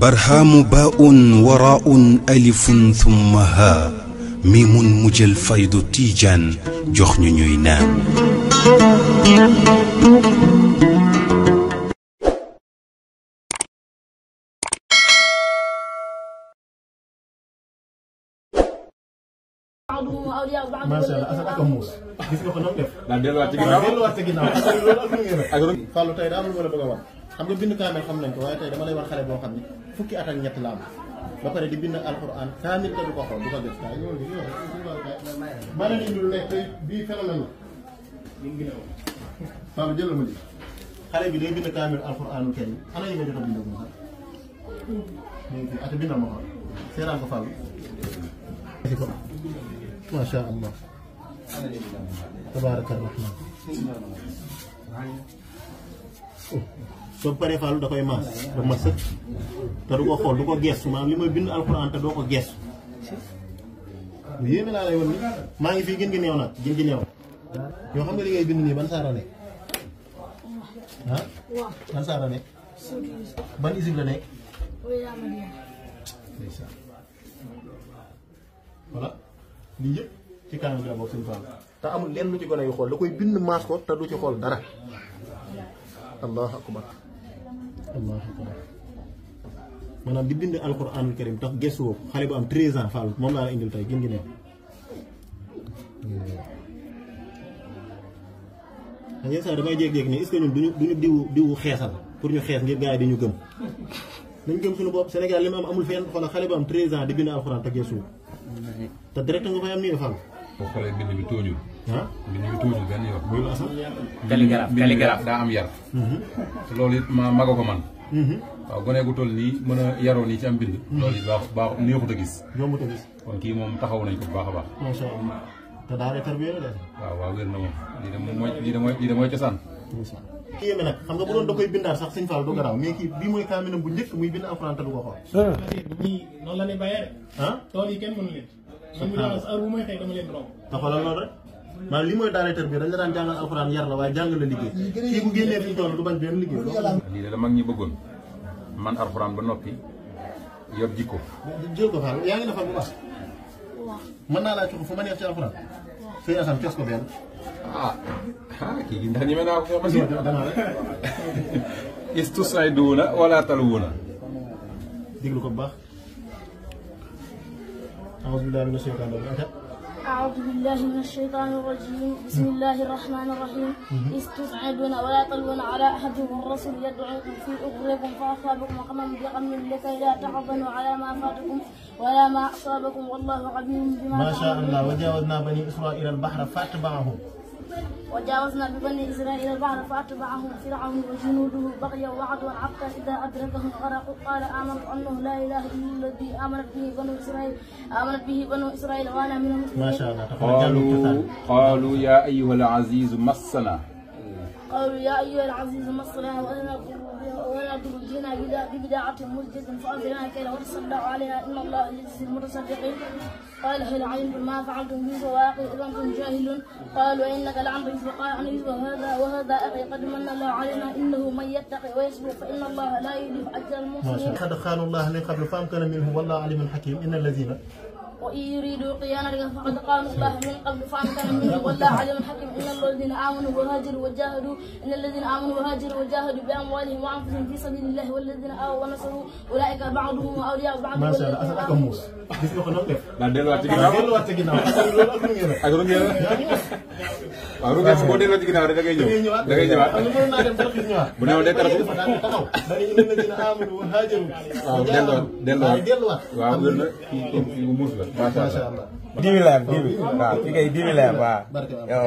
برهام باء وراء ألف ثم ها ميم مجلفيد تيجان جخن نوينا xam nga bind kamel xam nañ ko waye tay dama lay wax xalé bo xamni fukki atak ñet ñett la am ba pare di bind alquran kaamil ta du ko xool du ko def kaay ñëwal bi ñëwal ma ne nii lu nekk bi fena la ñu ngi Fallou jëlal ma lii xalé bi day bind kamel alquran kenn ana yi nga jot bind ko sax léegi ati bindal ma xool seeraan ko Fallou ما شاء الله تبارك الرحمن so paree faalu da koy mass da ma sëkk te du ko xol du ko gess maanaam li may bind alcorane ta do ko gess lu yéeme lay won ma ngi fi gën gi new nag gën gi new yo xam nga li ngay bind ni ban saara nekk ah ban saara nek ban isib la nekk voilà lii yëpp ci kanam la bok suñu faam ta amul lenn lu ci gone yu xol da koy bind mass ko ta du ci xol dara allahu akbar allahu akbar maanaam di bind alquranul karim tax gëstu woo xale bu am 13 ans Fall moom laa indil tey gin gi neex yenn saa damay jéeg-jéeg nii est-ce que ñun duñu duñu diwu diwu xeesal pour ñu xees ngir gars yi di ñu gëm dañ gëm suñu bopp senegal li mu am amul fenn xoolal xale bu am 13 ans di bind alxuraan te gëstu te direct nga fay am nii Fall boo xoolee mbind mi tooñul. ah mbind mi tooñul benn yoon. muy la sax calligraphe calligraphe daa am yar. Mhm. loolu it ma a ko man. Mhm. waaw gone gu toll nii mën a yaroo nii ci am mbind. Mhm. loolu it baax baax neexut a gis. a gis kon kii moom taxaw nañ ko baax a baax. macha allah te daa retar bi la waaw waaw wér na moom lii de mooy lii de mooy lii de mooy cosaan. ki yéeme nag xam nga bu doon da koy bindaat sax sëñ Fall du garaaw mais kii bii mooy kaaminam bu njëkk muy bind alxuraan te du ko xool. noonu la ñuy bàyyee de. ah tool yi kenn te xoolal noonu rek directeur bi dañ la daan jàngal alxuraan yar la waaye jàng la liggéey kii bu génnee fi ñu du bañ benn liggéey lii la mag ñi bëggoon man alxuraan ba noppi yor jikko jël ko faal yaa ngi defal bu baax mën naa laa jox fu ma neex ci asam cos ko ah kii gi ndax ñeme naa ko foo ma si istusayduuna wala taluwuuna déglu ko baax أعوذ بالله من الشيطان الرجيم أعوذ بالله من الشيطان الرجيم بسم الله الرحمن الرحيم استسعدون ولا تلون على أحد والرسول يدعوكم في أخركم فأصابكم غما بغم لكي لا تحزنوا على ما فاتكم ولا ما أصابكم والله عليم بما ما شاء الله وجاوزنا بني إسرائيل البحر فاتبعهم وجاوزنا ببني إسرائيل البحر فأتبعهم فرعون وجنوده بغيا وعدوا حتى إذا أدركهم الغرق قال آمنت أنه لا إله إلا الذي آمنت به بنو إسرائيل آمنت به بنو إسرائيل وأنا من المسلمين ما شاء الله قالوا قالوا يا أيها العزيز مسنا قالوا يا أيها العزيز مصرنا وأنا ولا تبدينا ببداعة مزجة فأذلنا كي لو عليها إن الله يجزي المتصدقين قال هل علمتم ما فعلتم في سواقي إذا أنتم جاهلون قالوا إنك لعن ضيف وقال عن وهذا أخي قد من الله علينا إنه من يتقي ويصبر فإن الله لا يضيع أجر المحسنين. قد خان الله من قبل فأمكن منه والله عليم حكيم إن الذين وإن يريدوا قيانتك فقد قالوا الله من قبل فأمكن منه والله عليم حكيم إن الذين آمنوا وهاجروا وجاهدوا إن الذين آمنوا وهاجروا وجاهدوا بأموالهم وأنفسهم في سبيل الله والذين آووا ونصروا أولئك بعضهم أولياء بعض ما شاء الله أسألك موسى gis nga ko noonu def. ndax delluwaat ci ginnaaw delluwaat ci ginnaaw ak runge la. waaw runge boo delluwaat ci ginnaaw rek da ngay ñëw da ngay ñëwaat. bu newoon day tarafu. waaw delluwaat delluwaat. waaw loolu la kii kii muus la macha allah. diwi la diwi waaw kii kay diwi la waaw yow